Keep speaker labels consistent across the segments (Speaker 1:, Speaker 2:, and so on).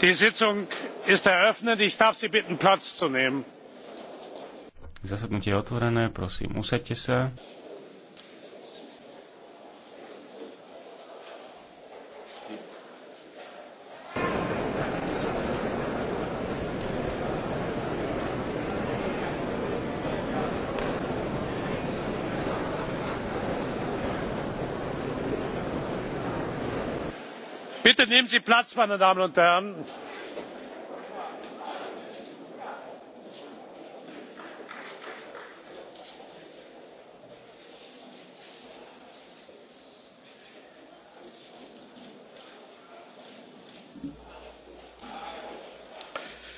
Speaker 1: die sitzung ist eröffnet ich darf sie bitten platz zu nehmen
Speaker 2: zasadnutie je otvorené prosím usaďte sa
Speaker 3: bitte nehmen sie platz meine damen und herren!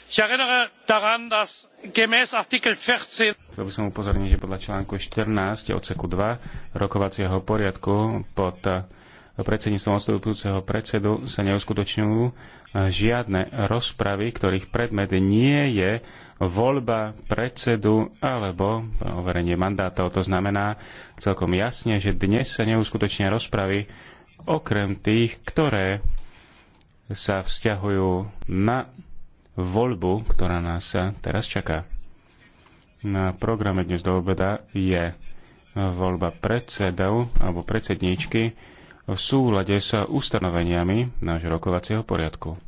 Speaker 4: ich erinnere daran dass gemäß artikel vierzehn
Speaker 2: chcel by som upozorniť že podľa článku fourteen odseku two rokovacieho poriadku pod predsedníctvom odstupujúceho predsedu sa neuskutočňujú e, žiadne rozpravy, ktorých predmet nie je voľba predsedu alebo overenie mandátov. To znamená celkom jasne, že dnes sa neuskutočnia rozpravy okrem tých, ktoré sa vzťahujú na voľbu, ktorá nás teraz čaká. Na programe dnes do obeda je voľba predsedov alebo predsedníčky v súlade s ustanoveniami nášho rokovacieho poriadku.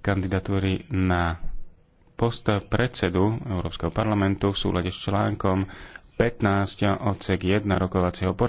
Speaker 2: Kandidatúry na post predsedu Európskeho parlamentu v súlade s článkom 15 odsek 1 rokovacieho poriadku